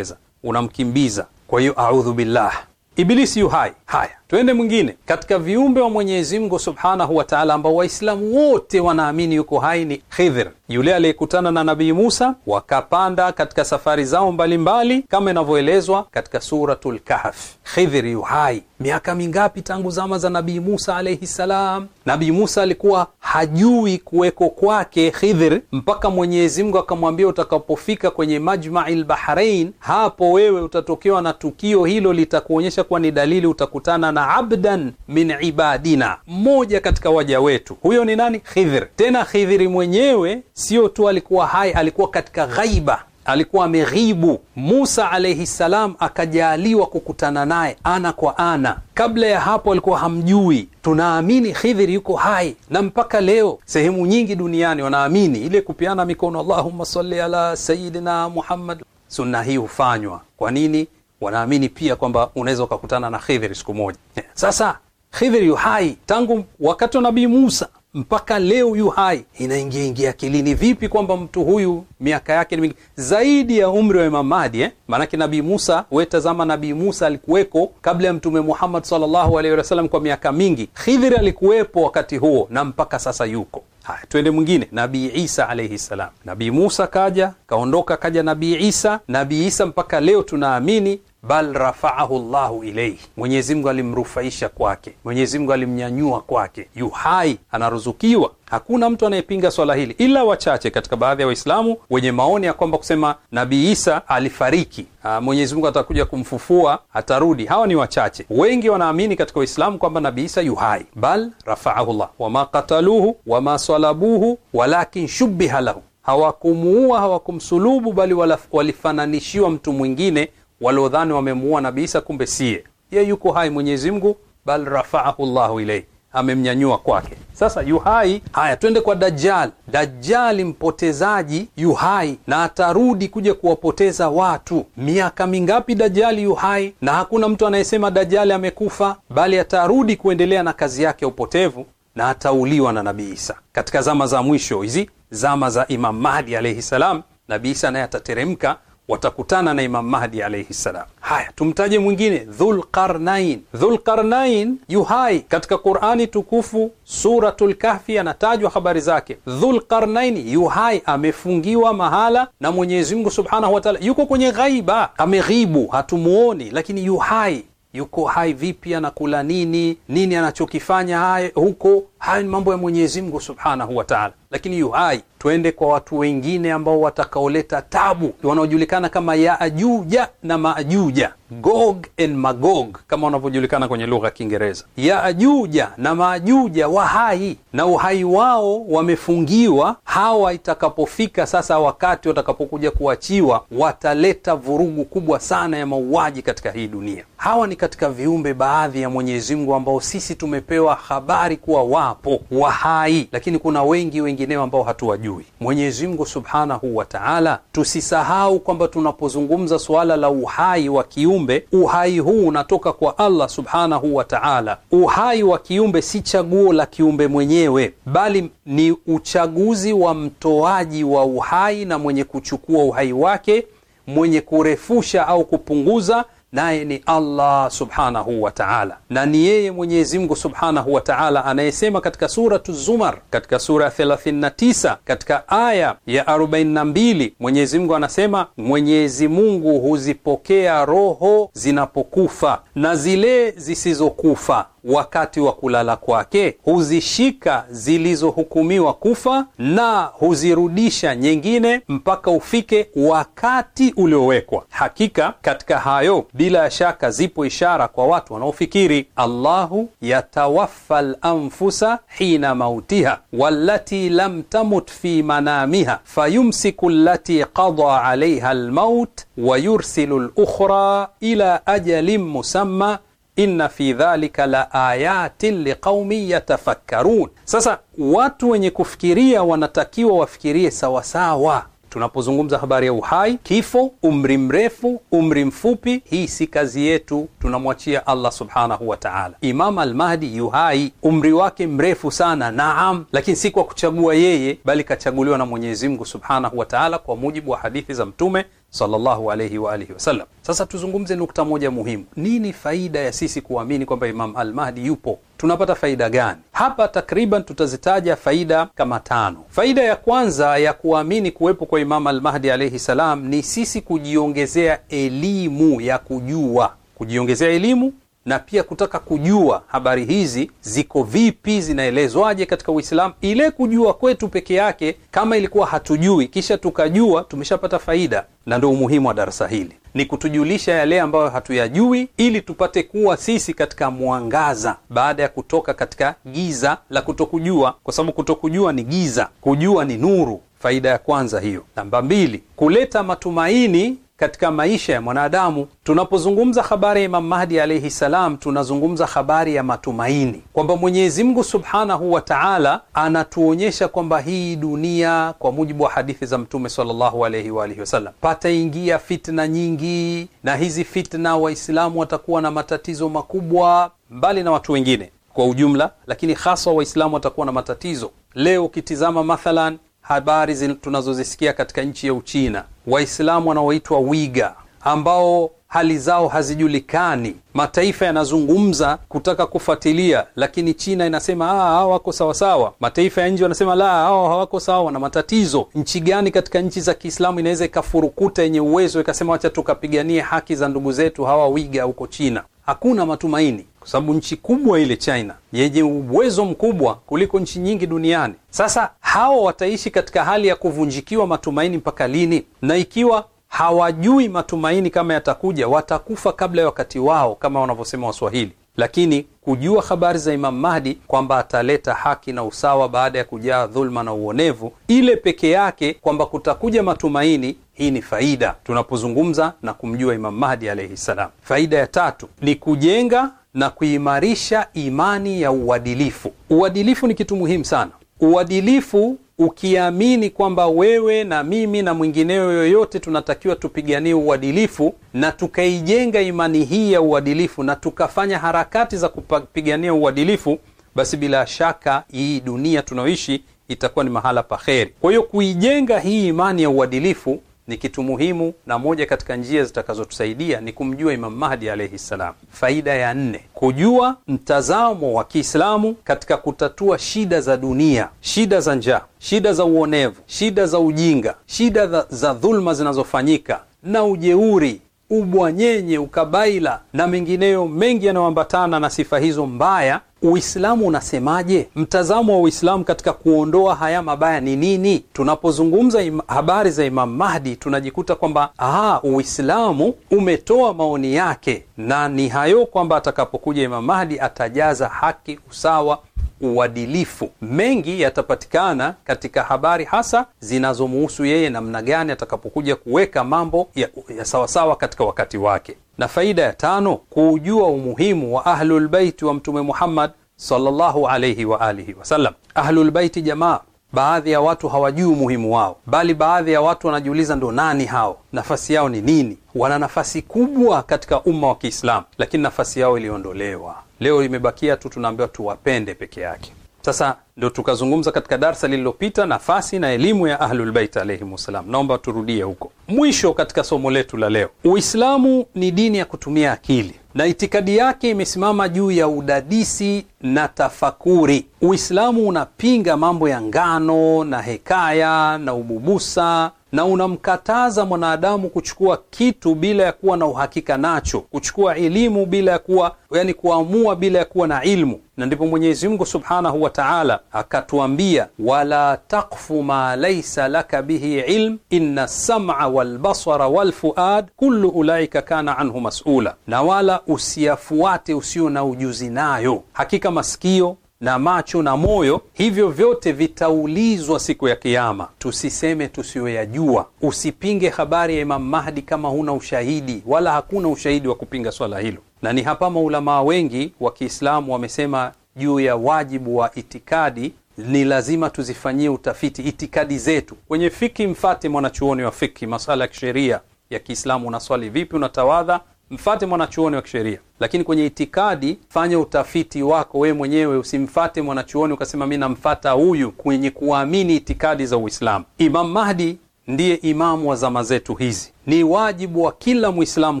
C: unamkimbiza. Kwa hiyo audhu billah, Ibilisi yu hai. Haya, tuende mwingine katika viumbe wa Mwenyezi Mungu subhanahu wataala ambao Waislamu wote wanaamini yuko hai, ni Khidhir yule aliyekutana na Nabii Musa, wakapanda katika safari zao mbalimbali mbali, kama inavyoelezwa katika Suratul Kahf. yu yuhai miaka mingapi tangu zama za Nabii Musa alaihi salam. Nabii Musa alikuwa hajui kuweko kwake Khidhir mpaka Mwenyezi Mungu akamwambia, utakapofika kwenye Majmai Lbahrain, hapo wewe utatokewa na tukio hilo, litakuonyesha kuwa ni dalili, utakutana na abdan min ibadina, mmoja katika waja wetu. Huyo ni nani? Khidhir. Tena Khidhiri mwenyewe sio tu alikuwa hai, alikuwa katika ghaiba, alikuwa ameghibu. Musa alaihi salam akajaaliwa kukutana naye ana kwa ana. Kabla ya hapo alikuwa hamjui. Tunaamini Khidhiri yuko hai na mpaka leo sehemu nyingi duniani wanaamini ile kupeana mikono, Allahumma salli ala sayidina Muhammad. Sunna hii hufanywa kwa nini? Wanaamini pia kwamba unaweza ukakutana na Khidhiri siku moja. *laughs* Sasa Khidhiri yu hai tangu wakati wa Nabii Musa mpaka leo yu hai, inaingia ingia akilini vipi kwamba mtu huyu miaka yake ni mingi zaidi ya umri wa Imam Mahdi eh? Maanake Nabii Musa, wetazama Nabii Musa alikuweko kabla ya Mtume Muhammad sallallahu alaihi wasallam kwa miaka mingi. Khidhiri alikuwepo wakati huo na mpaka sasa yuko Haya, twende mwingine. Nabii Isa alaihi salam. Nabii Musa kaja kaondoka, kaja Nabii Isa. Nabii Isa mpaka leo tunaamini bal rafaahu llahu ilaihi, Mwenyezi Mungu alimrufaisha kwake, Mwenyezi Mungu alimnyanyua kwake, yu hai anaruzukiwa. Hakuna mtu anayepinga swala hili ila wachache katika baadhi ya wa Waislamu wenye maoni ya kwamba kusema Nabii Isa alifariki, ah, Mwenyezi Mungu atakuja kumfufua, atarudi. Hawa ni wachache. Wengi wanaamini katika Waislamu kwamba Nabii Isa yu hai, bal rafaahu llah, wama kataluhu wama salabuhu walakin shubiha lahu Hawakumuua, hawakumsulubu, bali walifananishiwa mtu mwingine waliodhani wamemuua Nabii Isa, kumbe siye ye, yuko hai Mwenyezi Mungu, bal rafaahu llahu ilaihi, amemnyanyua kwake. Sasa yuhai. Haya, twende kwa Dajjal. Dajjali mpotezaji yu hai na atarudi kuja kuwapoteza watu. Miaka mingapi Dajjali yu hai, na hakuna mtu anayesema Dajjali amekufa, bali atarudi kuendelea na kazi yake ya upotevu na atauliwa na Nabii Isa katika zama za mwisho, hizi zama za Imam Mahdi alaihi salam. Nabii Isa naye atateremka watakutana na Imam Mahdi alaihi salam. Haya, tumtaje mwingine, Dhulqarnain. Dhulqarnain yu hai katika Qurani tukufu, suratu Lkahfi anatajwa habari zake. Dhulqarnain yu hai, amefungiwa mahala na Mwenyezi Mungu subhanahu wa taala, yuko kwenye ghaiba, ameghibu, hatumuoni, lakini yu hai. Yuko hai vipi? Anakula nini? Nini anachokifanya huko? Haya ni mambo ya Mwenyezi Mungu subhanahu wa taala, lakini yu hai. Twende kwa watu wengine ambao watakaoleta tabu, wanaojulikana kama Yaajuja na Maajuja, Gog and Magog kama wanavyojulikana kwenye lugha ya Kiingereza. Yaajuja na Maajuja wa hai na uhai wao wamefungiwa. Hawa itakapofika sasa wakati watakapokuja kuachiwa, wataleta vurugu kubwa sana ya mauaji katika hii dunia. Hawa ni katika viumbe baadhi ya Mwenyezi Mungu ambao sisi tumepewa habari kuwa wao wapo wa hai, lakini kuna wengi wengineo ambao hatuwajui. Mwenyezi Mungu Subhanahu wa Ta'ala, tusisahau kwamba tunapozungumza suala la uhai wa kiumbe, uhai huu unatoka kwa Allah Subhanahu wa Ta'ala. Uhai wa kiumbe si chaguo la kiumbe mwenyewe, bali ni uchaguzi wa mtoaji wa uhai na mwenye kuchukua uhai wake, mwenye kurefusha au kupunguza naye ni Allah subhanahu wa ta'ala, na ni yeye Mwenyezi Mungu subhanahu wa ta'ala anayesema katika suratu Zumar, katika sura 39 katika aya ya 42, Mwenyezi Mungu anasema, Mwenyezi Mungu huzipokea roho zinapokufa na zile zisizokufa wakati wa kulala kwake, huzishika zilizohukumiwa kufa na huzirudisha nyingine mpaka ufike wakati uliowekwa. Hakika katika hayo bila shaka zipo ishara kwa watu wanaofikiri. Allahu yatawaffa lanfusa hina mautiha wallati lam tamut fi manamiha fayumsiku lati qada alaiha lmaut wayursilu yursilu lukhra ila ajalin musamma inna fi dhalika la ayatin liqaumin yatafakkarun. Sasa watu wenye kufikiria wanatakiwa wafikirie sawasawa. Tunapozungumza habari ya uhai, kifo, umri mrefu, umri mfupi, hii si kazi yetu, tunamwachia Allah subhanahu wa ta'ala. Imam al-Mahdi yuhai, umri wake mrefu sana, naam, lakini si kwa kuchagua yeye, bali kachaguliwa na Mwenyezi Mungu subhanahu wa ta'ala, kwa mujibu wa hadithi za Mtume sallallahu alayhi wa alihi wasallam. Sasa tuzungumze nukta moja muhimu. Nini faida ya sisi kuamini kwamba Imam Al-Mahdi yupo? Tunapata faida gani hapa? Takriban tutazitaja faida kama tano. Faida ya kwanza ya kuamini kuwepo kwa Imam Al-Mahdi alayhi salam ni sisi kujiongezea elimu ya kujua, kujiongezea elimu na pia kutaka kujua habari hizi ziko vipi, zinaelezwaje katika Uislamu. Ile kujua kwetu peke yake, kama ilikuwa hatujui kisha tukajua, tumeshapata faida, na ndo umuhimu wa darasa hili ni kutujulisha yale ambayo hatuyajui ili tupate kuwa sisi katika mwangaza baada ya kutoka katika giza la kutokujua, kwa sababu kutokujua ni giza, kujua ni nuru. Faida ya kwanza hiyo. Namba mbili, kuleta matumaini katika maisha ya mwanadamu. Tunapozungumza habari ya Imam Mahdi alaihi salam, tunazungumza habari ya matumaini kwamba Mwenyezi Mungu subhanahu wa taala anatuonyesha kwamba hii dunia, kwa mujibu wa hadithi za Mtume sallallahu alaihi wasallam, pataingia fitna nyingi, na hizi fitna Waislamu watakuwa na matatizo makubwa, mbali na watu wengine kwa ujumla, lakini haswa Waislamu watakuwa na matatizo. Leo ukitizama mathalan habari tunazozisikia katika nchi ya Uchina, Waislamu wanaoitwa Wiga ambao hali zao hazijulikani. Mataifa yanazungumza kutaka kufuatilia, lakini China inasema ah, hao wako sawasawa. Mataifa ya nje wanasema la, hao hawako sawa, wana matatizo. Nchi gani katika nchi za Kiislamu inaweza ikafurukuta yenye uwezo ikasema wacha tukapiganie haki za ndugu zetu hawa Wiga huko China? hakuna matumaini, kwa sababu nchi kubwa ile China yenye uwezo mkubwa kuliko nchi nyingi duniani. Sasa hawa wataishi katika hali ya kuvunjikiwa matumaini mpaka lini? Na ikiwa hawajui matumaini kama yatakuja, watakufa kabla ya wakati wao, kama wanavyosema Waswahili lakini kujua habari za Imam Mahdi kwamba ataleta haki na usawa baada ya kujaa dhulma na uonevu, ile peke yake kwamba kutakuja matumaini, hii ni faida tunapozungumza na kumjua Imam Mahdi alaihi ssalam. Faida ya tatu ni kujenga na kuimarisha imani ya uadilifu. Uadilifu ni kitu muhimu sana. Uadilifu ukiamini kwamba wewe na mimi na mwingineo yoyote tunatakiwa tupiganie uadilifu na tukaijenga imani hii ya uadilifu na tukafanya harakati za kupigania uadilifu, basi bila shaka hii dunia tunayoishi itakuwa ni mahala pa kheri. Kwa hiyo kuijenga hii imani ya uadilifu ni kitu muhimu, na moja katika njia zitakazotusaidia ni kumjua Imam Mahdi alaihi ssalam. Faida ya nne, kujua mtazamo wa Kiislamu katika kutatua shida za dunia, shida za njaa, shida za uonevu, shida za ujinga, shida za dhulma zinazofanyika na ujeuri ubwanyenye, ukabaila na mengineyo mengi yanayoambatana na sifa hizo mbaya, Uislamu unasemaje? Mtazamo wa Uislamu katika kuondoa haya mabaya ni nini? Tunapozungumza habari za Imam Mahdi tunajikuta kwamba aha, Uislamu umetoa maoni yake na ni hayo kwamba atakapokuja Imam Mahdi atajaza haki, usawa uadilifu. Mengi yatapatikana katika habari hasa zinazomuhusu yeye, namna gani atakapokuja kuweka mambo ya, ya sawasawa katika wakati wake. Na faida ya tano, kuujua umuhimu wa Ahlulbeiti wa Mtume Muhammad sallallahu wa alihi wasallam. Ahlulbeiti jamaa, baadhi ya watu hawajui umuhimu wao, bali baadhi ya watu wanajiuliza ndo nani hao, nafasi yao ni nini? Wana nafasi kubwa katika umma wa Kiislamu, lakini nafasi yao iliondolewa. Leo imebakia tu tunaambiwa tuwapende peke yake. Sasa ndio tukazungumza katika darsa lililopita nafasi na elimu ya Ahlulbeit alaihim wassalam. Naomba turudie huko mwisho katika somo letu la leo. Uislamu ni dini ya kutumia akili na itikadi yake imesimama juu ya udadisi na tafakuri. Uislamu unapinga mambo ya ngano na hekaya na ububusa na unamkataza mwanadamu kuchukua kitu bila ya kuwa na uhakika nacho, kuchukua elimu bila ya kuwa yani, kuamua bila ya kuwa na ilmu. Na ndipo Mwenyezi Mungu Subhanahu wa Ta'ala akatuambia, wala taqfu ma laysa laka bihi ilm inna sam'a wal basara wal fuad kullu ulaika kana anhu mas'ula, na wala usiyafuate usio na ujuzi nayo, hakika masikio na macho na moyo, hivyo vyote vitaulizwa siku ya Kiama. Tusiseme tusiyoyajua, usipinge habari ya Imam Mahdi kama huna ushahidi, wala hakuna ushahidi wa kupinga swala hilo. Na ni hapa maulamaa wengi wa Kiislamu wamesema juu ya wajibu wa itikadi ni lazima tuzifanyie utafiti itikadi zetu. Kwenye fiki, mfate mwanachuoni wa fiki, masala ya kisheria ya Kiislamu. Unaswali vipi? Unatawadha mfate mwanachuoni wa kisheria, lakini kwenye itikadi fanya utafiti wako wewe mwenyewe. Usimfate mwanachuoni ukasema mi namfata huyu kwenye kuamini itikadi za Uislamu. Imam Mahdi ndiye imamu wa zama zetu hizi. Ni wajibu wa kila Mwislamu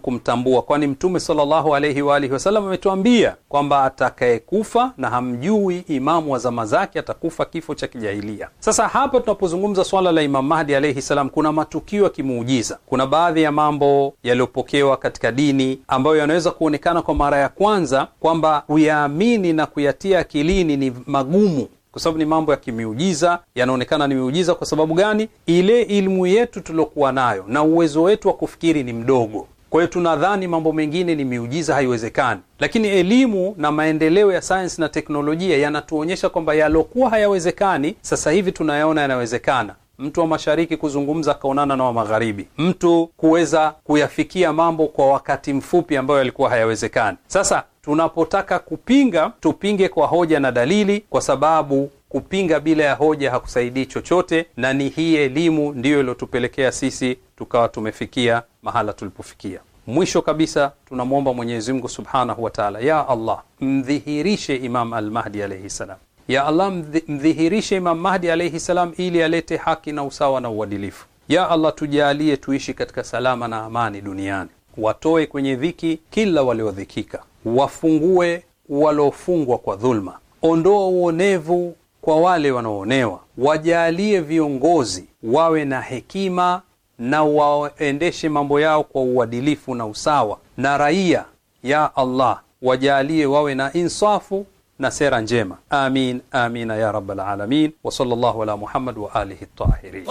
C: kumtambua, kwani Mtume sallallahu alaihi wa alihi wasallam ametuambia kwamba atakayekufa na hamjui imamu wa zama zake atakufa kifo cha kijahilia. Sasa hapa tunapozungumza swala la Imamu Mahdi alaihi salam, kuna matukio ya kimuujiza, kuna baadhi ya mambo yaliyopokewa katika dini ambayo yanaweza kuonekana kwa mara ya kwanza kwamba kuyaamini na kuyatia akilini ni magumu kwa sababu ni mambo ya kimiujiza, yanaonekana ni miujiza. Kwa sababu gani? Ile ilmu yetu tuliokuwa nayo na uwezo wetu wa kufikiri ni mdogo. Kwa hiyo tunadhani mambo mengine ni miujiza, haiwezekani. Lakini elimu na maendeleo ya sayansi na teknolojia yanatuonyesha kwamba yaliokuwa hayawezekani sasa hivi tunayaona yanawezekana. Mtu wa mashariki kuzungumza akaonana na wa magharibi, mtu kuweza kuyafikia mambo kwa wakati mfupi ambayo yalikuwa hayawezekani. Sasa tunapotaka kupinga tupinge kwa hoja na dalili, kwa sababu kupinga bila ya hoja hakusaidii chochote, na ni hii elimu ndiyo iliyotupelekea sisi tukawa tumefikia mahala tulipofikia. Mwisho kabisa tunamwomba Mwenyezi Mungu subhanahu wa taala, ya Allah mdhihirishe Imam Almahdi alaihi ssalam, Ya Allah mdhihirishe Imam Mahdi alaihi ssalam ili alete haki na usawa na uadilifu. Ya Allah tujalie tuishi katika salama na amani duniani, watoe kwenye dhiki kila waliodhikika wafungue walofungwa kwa dhulma, ondoa uonevu kwa wale wanaoonewa, wajalie viongozi wawe na hekima na waendeshe mambo yao kwa uadilifu na usawa, na raia ya Allah wajalie wawe na insafu na sera njema. Amin, amina ya rabbal alamin, wa sallallahu ala Muhammad wa alihi tahirin.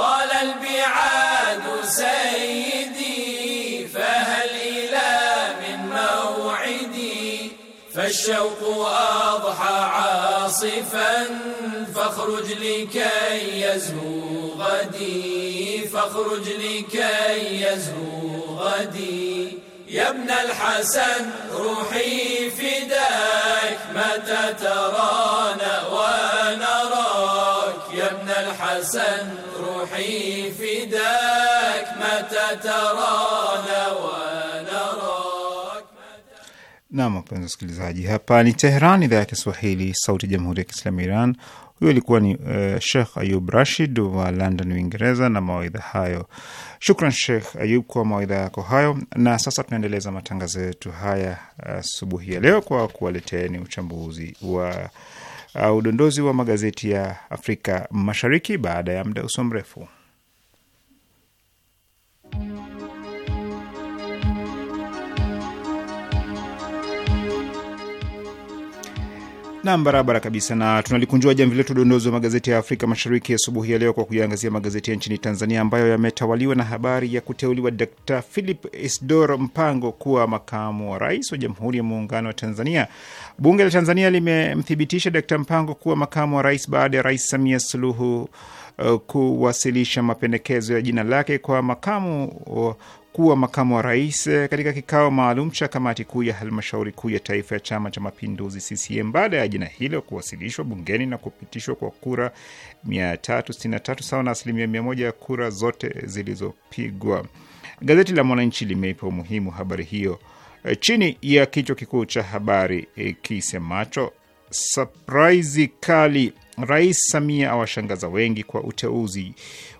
D: فالشوق أضحى عاصفا
A: فاخرج لكي يزهو غدي فاخرج لكي يزهو غدي يا ابن الحسن روحي فداك متى ترانا
C: ونراك يا ابن الحسن روحي فداك متى ترانا
B: Nam, wapenzi wasikilizaji, hapa ni Teheran, idhaa ya Kiswahili, sauti ya jamhuri ya kiislamu Iran. Huyo alikuwa ni uh, eh, Shekh Ayub Rashid wa London, Uingereza, na mawaidha hayo. Shukran Shekh Ayub kwa mawaidha yako hayo. Na sasa tunaendeleza matangazo yetu haya asubuhi uh, ya leo kwa kuwaleteni uchambuzi wa uh, udondozi wa magazeti ya Afrika Mashariki baada ya muda usio mrefu. Nam, barabara kabisa, na tunalikunjua jamvi letu dondozi wa magazeti ya Afrika Mashariki asubuhi ya leo kwa kuyangazia magazeti ya nchini Tanzania ambayo yametawaliwa na habari ya kuteuliwa d Philip Isdor Mpango kuwa makamu wa rais wa Jamhuri ya Muungano wa Tanzania. Bunge la Tanzania limemthibitisha Dr Mpango kuwa makamu wa rais baada ya Rais Samia Suluhu uh, kuwasilisha mapendekezo ya jina lake kwa makamu uh, kuwa makamu wa rais eh, katika kikao maalum cha kamati kuu ya halmashauri kuu ya taifa ya chama cha mapinduzi CCM baada ya jina hilo kuwasilishwa bungeni na kupitishwa kwa kura 363 sawa na asilimia 100 ya kura zote zilizopigwa. Gazeti la Mwananchi limeipa umuhimu habari hiyo eh, chini ya kichwa kikuu cha habari eh, kisemacho surprise kali Rais Samia awashangaza wengi kwa uteuzi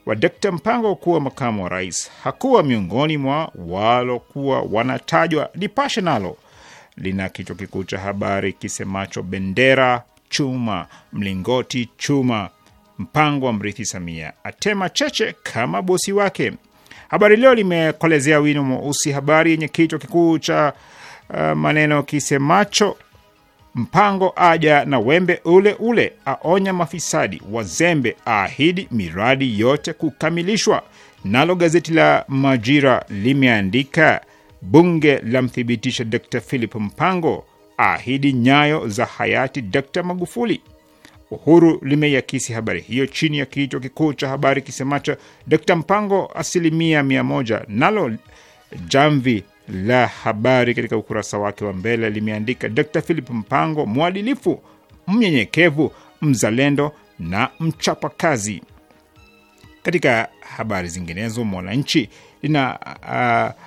B: wa Dkt Mpango kuwa makamu wa rais. Hakuwa miongoni mwa walokuwa wanatajwa. Nipashe nalo lina kichwa kikuu cha habari kisemacho bendera chuma, mlingoti chuma, Mpango wa mrithi Samia atema cheche kama bosi wake. Habari Leo limekolezea wino mweusi habari yenye kichwa kikuu cha uh, maneno kisemacho Mpango aja na wembe ule ule, aonya mafisadi, wazembe, aahidi miradi yote kukamilishwa. Nalo gazeti la Majira limeandika bunge lamthibitisha Dkt Philip Mpango, aahidi nyayo za hayati Dkt Magufuli. Uhuru limeiakisi habari hiyo chini ya kichwa kikuu cha habari kisemacho Dkt Mpango asilimia mia moja. Nalo jamvi la habari katika ukurasa wake wa mbele limeandika Dr. Philip Mpango mwadilifu, mnyenyekevu, mzalendo na mchapakazi. Katika habari zinginezo, Mwananchi lina uh,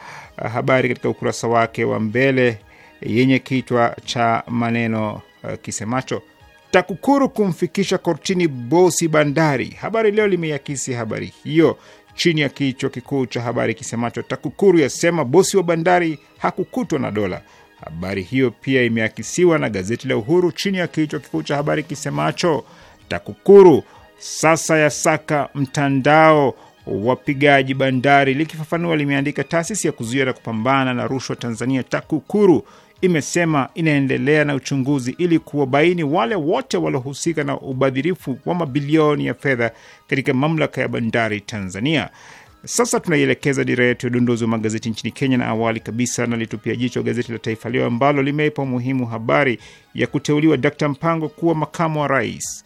B: uh, habari katika ukurasa wake wa mbele yenye kichwa cha maneno uh, kisemacho TAKUKURU kumfikisha kortini bosi bandari. Habari Leo limeyakisi habari hiyo chini ya kichwa kikuu cha habari kisemacho TAKUKURU yasema bosi wa bandari hakukutwa na dola. Habari hiyo pia imeakisiwa na gazeti la Uhuru chini ya kichwa kikuu cha habari kisemacho TAKUKURU sasa yasaka mtandao wapigaji bandari. Likifafanua limeandika taasisi ya kuzuia na kupambana na rushwa Tanzania TAKUKURU imesema inaendelea na uchunguzi ili kuwabaini wale wote waliohusika na ubadhirifu wa mabilioni ya fedha katika mamlaka ya bandari Tanzania. Sasa tunaielekeza dira yetu ya udunduzi wa magazeti nchini Kenya, na awali kabisa nalitupia jicho gazeti la Taifa Leo ambalo limeipa umuhimu habari ya kuteuliwa Dkt Mpango kuwa makamu wa rais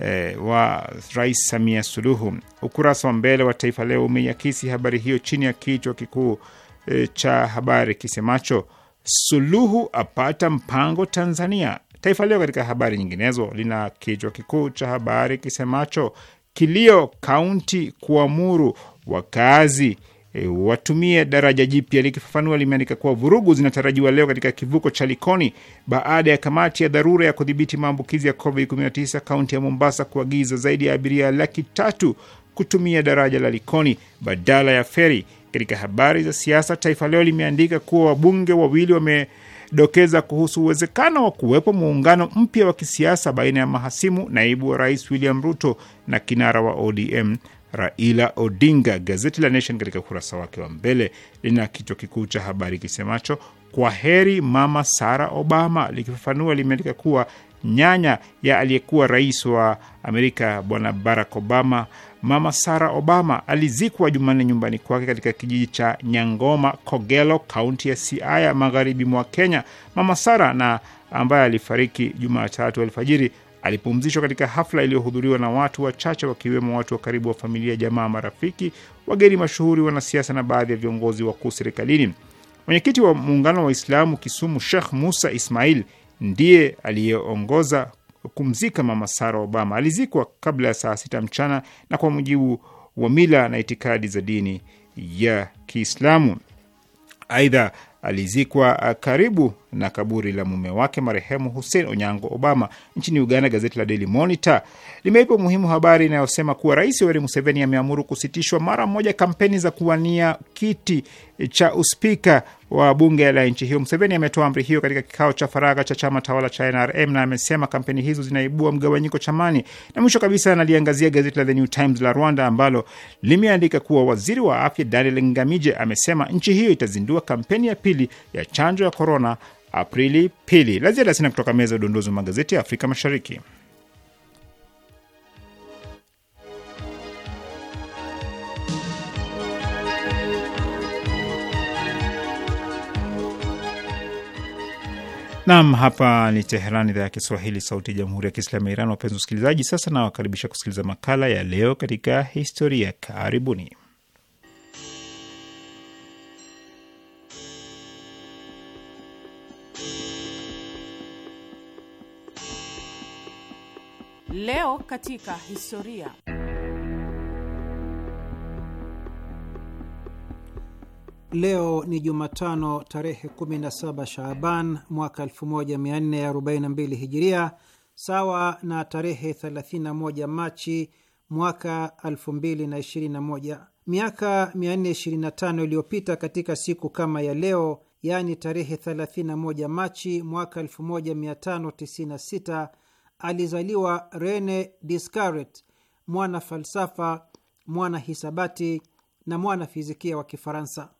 B: E, wa Rais Samia Suluhu. Ukurasa wa mbele wa Taifa Leo umeiakisi habari hiyo chini ya kichwa kikuu e, cha habari kisemacho Suluhu apata mpango Tanzania. Taifa Leo katika habari nyinginezo lina kichwa kikuu cha habari kisemacho kilio kaunti kuamuru wakazi e, watumie daraja jipya. Likifafanua limeandika kuwa vurugu zinatarajiwa leo katika kivuko cha Likoni baada ya kamati ya dharura ya kudhibiti maambukizi ya COVID-19 kaunti ya Mombasa kuagiza zaidi ya abiria laki tatu kutumia daraja la Likoni badala ya feri katika habari za siasa, Taifa Leo limeandika kuwa wabunge wawili wamedokeza kuhusu uwezekano wa kuwepo muungano mpya wa kisiasa baina ya mahasimu naibu wa rais William Ruto na kinara wa ODM Raila Odinga. Gazeti la Nation katika ukurasa wake wa mbele lina kichwa kikuu cha habari kisemacho kwa heri Mama Sara Obama. Likifafanua, limeandika kuwa nyanya ya aliyekuwa rais wa Amerika Bwana Barack Obama Mama Sara Obama alizikwa Jumanne nyumbani kwake katika kijiji cha Nyangoma, Kogelo, kaunti ya Siaya, magharibi mwa Kenya. Mama Sara na ambaye alifariki Jumatatu alfajiri alipumzishwa katika hafla iliyohudhuriwa na watu wachache wakiwemo watu wa karibu wa familia, jamaa, marafiki, wageni mashuhuri, wanasiasa na baadhi ya viongozi wakuu serikalini. Mwenyekiti wa muungano wa Waislamu Kisumu, shekh Musa Ismail ndiye aliyeongoza kumzika Mama Sara Obama. Alizikwa kabla ya saa sita mchana na kwa mujibu wa mila na itikadi za dini ya Kiislamu. Aidha, alizikwa karibu na kaburi la mume wake marehemu Hussein Onyango Obama. Nchini Uganda, gazeti la Daily Monitor limeipa umuhimu habari inayosema kuwa Rais Yoweri Museveni ameamuru kusitishwa mara moja kampeni za kuwania kiti cha uspika wa bunge la nchi hiyo. Museveni ametoa amri hiyo katika kikao cha faragha cha chama tawala cha NRM na amesema kampeni hizo zinaibua mgawanyiko chamani. Na mwisho kabisa, analiangazia gazeti la The New Times la Rwanda ambalo limeandika kuwa waziri wa afya Daniel Ngamije amesema nchi hiyo itazindua kampeni ya pili ya chanjo ya korona Aprili pili. La ziada sina kutoka meza ya udondozi wa magazeti ya Afrika Mashariki. Nam, hapa ni Teheran, idhaa ya Kiswahili, sauti ya jamhuri ya kiislamu ya Iran. Wapenzi wasikilizaji, sasa nawakaribisha kusikiliza makala ya leo katika historia. Karibuni.
D: Leo katika historia.
E: Leo ni Jumatano tarehe 17 Shaaban mwaka 1442 Hijiria, sawa na tarehe 31 Machi mwaka 2021. Miaka 425 iliyopita katika siku kama ya leo, yaani tarehe 31 Machi mwaka 1596 alizaliwa Rene Descartes, mwana falsafa, mwana hisabati na mwana fizikia wa Kifaransa.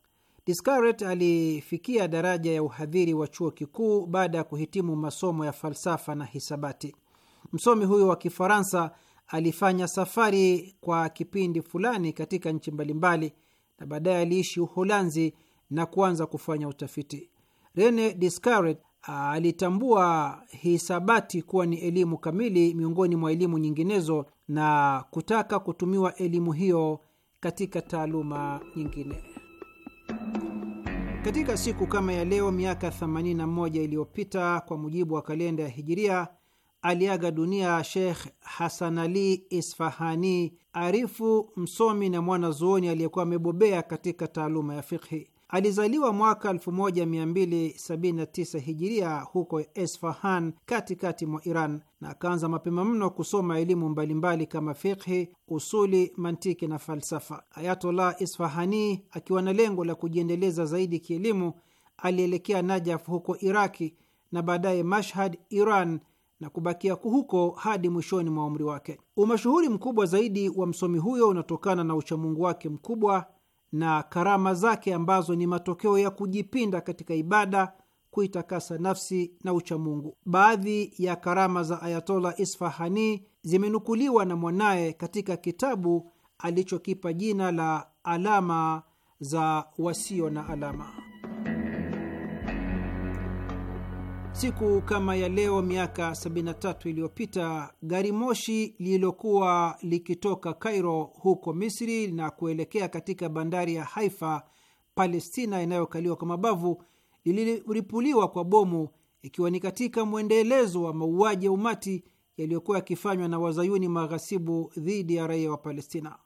E: Descartes alifikia daraja ya uhadhiri wa chuo kikuu baada ya kuhitimu masomo ya falsafa na hisabati. Msomi huyo wa Kifaransa alifanya safari kwa kipindi fulani katika nchi mbalimbali na baadaye aliishi Uholanzi na kuanza kufanya utafiti. Rene Descartes alitambua hisabati kuwa ni elimu kamili miongoni mwa elimu nyinginezo na kutaka kutumiwa elimu hiyo katika taaluma nyingine. Katika siku kama ya leo miaka 81 iliyopita kwa mujibu wa kalenda ya Hijiria, aliaga dunia Sheikh Hasan Ali Isfahani, arifu msomi na mwanazuoni aliyekuwa amebobea katika taaluma ya fikhi. Alizaliwa mwaka 1279 hijiria huko Esfahan katikati mwa Iran na akaanza mapema mno kusoma elimu mbalimbali kama fikhi, usuli, mantiki na falsafa. Ayatollah Isfahani akiwa na lengo la kujiendeleza zaidi kielimu alielekea Najaf huko Iraki na baadaye Mashhad, Iran na kubakia huko hadi mwishoni mwa umri wake. Umashuhuri mkubwa zaidi wa msomi huyo unatokana na uchamungu wake mkubwa na karama zake ambazo ni matokeo ya kujipinda katika ibada, kuitakasa nafsi na uchamungu. Baadhi ya karama za Ayatola Isfahani zimenukuliwa na mwanaye katika kitabu alichokipa jina la Alama za Wasio na Alama. Siku kama ya leo miaka 73 iliyopita gari moshi lililokuwa likitoka Cairo huko Misri na kuelekea katika bandari ya Haifa, Palestina inayokaliwa kwa mabavu liliripuliwa kwa bomu, ikiwa ni katika mwendelezo wa mauaji ya umati yaliyokuwa yakifanywa na wazayuni maghasibu dhidi ya raia wa Palestina.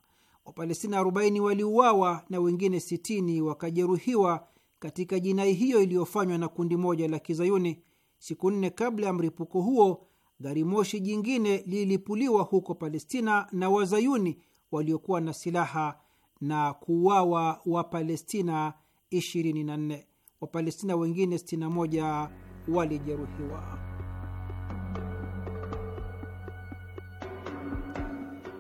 E: Wapalestina 40 waliuawa na wengine 60 wakajeruhiwa katika jinai hiyo iliyofanywa na kundi moja la kizayuni Siku nne kabla ya mripuko huo, gari moshi jingine lilipuliwa huko Palestina na wazayuni waliokuwa na silaha na kuuawa Wapalestina 24. Wapalestina wengine 61 walijeruhiwa.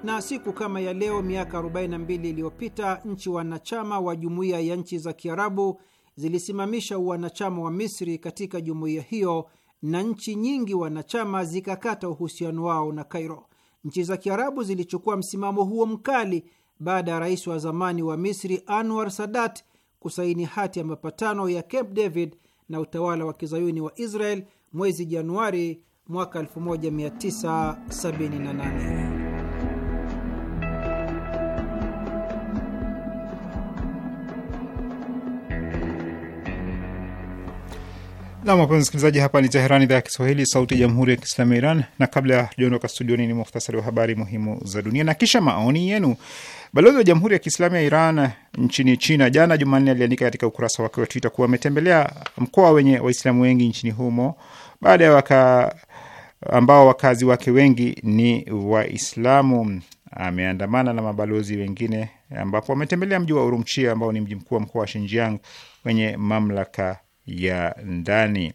E: Na siku kama ya leo miaka 42 iliyopita nchi wanachama wa Jumuiya ya Nchi za Kiarabu zilisimamisha uwanachama wa Misri katika jumuiya hiyo na nchi nyingi wanachama zikakata uhusiano wao na Kairo. Nchi za Kiarabu zilichukua msimamo huo mkali baada ya rais wa zamani wa Misri Anwar Sadat kusaini hati ya mapatano ya Camp David na utawala wa kizayuni wa Israel mwezi Januari mwaka 1978.
B: Nam, wapenzi msikilizaji, hapa ni Teherani, idhaa ya Kiswahili, sauti ya jamhuri ya kiislamu ya Iran. Na kabla ya tujaondoka studioni, ni muhtasari wa habari muhimu za dunia na kisha maoni yenu. Balozi wa Jamhuri ya Kiislamu ya Iran nchini China jana Jumanne aliandika katika ukurasa wake wa Twitter kuwa ametembelea mkoa wenye Waislamu wengi nchini humo baada ya waka ambao wakazi wake wengi ni Waislamu. Ameandamana na mabalozi wengine ambapo ametembelea mji wa Urumchi ambao ni mji mkuu wa mkoa wa Shinjiang wenye mamlaka ya ndani.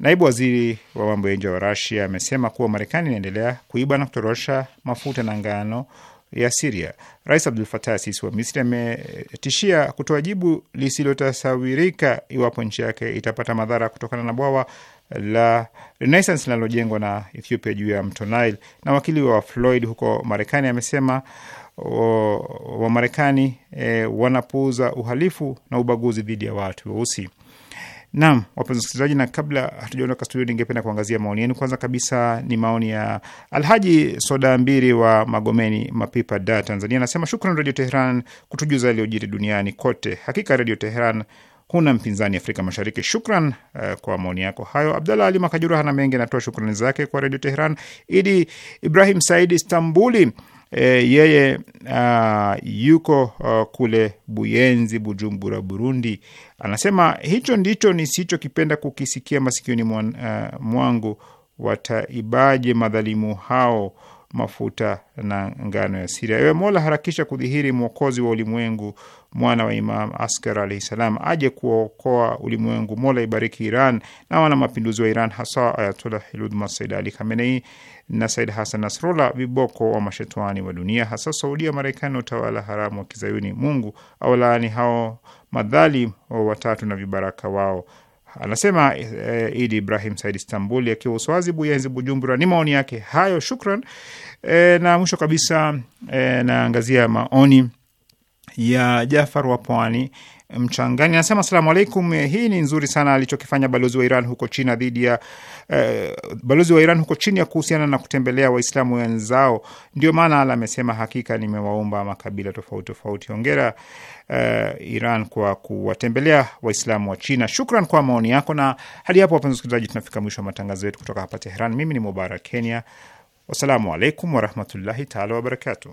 B: Naibu waziri wa mambo ya nje wa Rasia amesema kuwa Marekani inaendelea kuiba na kutorosha mafuta na ngano ya Siria. Rais Abdul Fatah Sisi wa Misri ametishia kutoa jibu lisilotasawirika iwapo nchi yake itapata madhara kutokana na bwawa la Renaissance linalojengwa na Ethiopia juu ya mto Nile. Na wakili wa Floyd huko Marekani amesema Wamarekani e, wanapuuza uhalifu na ubaguzi dhidi ya watu weusi wa Naam, wapenzi wasikilizaji, na kabla hatujaondoka studio, ningependa kuangazia maoni yenu. Kwanza kabisa ni maoni ya Alhaji Soda Mbiri wa Magomeni Mapipa, da Tanzania. Anasema shukran Redio Teheran kutujuza yaliyojiri duniani kote. Hakika Redio Teheran huna mpinzani Afrika Mashariki. Shukran uh, kwa maoni yako hayo. Abdallah Ali Makajura hana mengi, anatoa shukrani zake kwa Redio Teheran. Idi Ibrahim Said Istambuli e, yeye a, ah, yuko a, ah, kule Buyenzi, Bujumbura, Burundi. Anasema hicho ndicho nisichokipenda kukisikia masikioni ah, mwangu, wataibaje madhalimu hao mafuta na ngano ya Siria. Ewe Mola, harakisha kudhihiri mwokozi wa ulimwengu, mwana wa Imam Askar alaihi salam, aje kuokoa ulimwengu. Mola, ibariki Iran na wana mapinduzi wa Iran, hasa Ayatollah Hiludhma Said Ali Khamenei na Said Hasan Nasrullah, viboko wa mashetani wa dunia, hasa Saudia, Marekani na utawala haramu wa Kizayuni. Mungu awalaani hao madhali wa watatu na vibaraka wao. Anasema eh, Idi Ibrahim Said Istanbuli akiwa Uswazi, Buyenzi, Bujumbura. Ni maoni yake hayo, shukran. Eh, na mwisho kabisa eh, naangazia maoni ya Jafar wa Pwani Mchangani anasema asalamu alaikum. Eh, hii ni nzuri sana alichokifanya balozi wa Iran huko China dhidi ya eh, balozi wa Iran huko China kuhusiana na kutembelea Waislamu wenzao. Ndio maana Ala amesema hakika nimewaomba makabila tofauti tofauti. Hongera eh, Iran kwa kuwatembelea Waislamu wa China. Shukran kwa maoni yako, na hadi hapo wapenzi wasikilizaji, tunafika mwisho wa matangazo yetu kutoka hapa Teheran. Mimi ni Mubarak Kenya, wassalamu alaikum warahmatullahi taala wabarakatuh.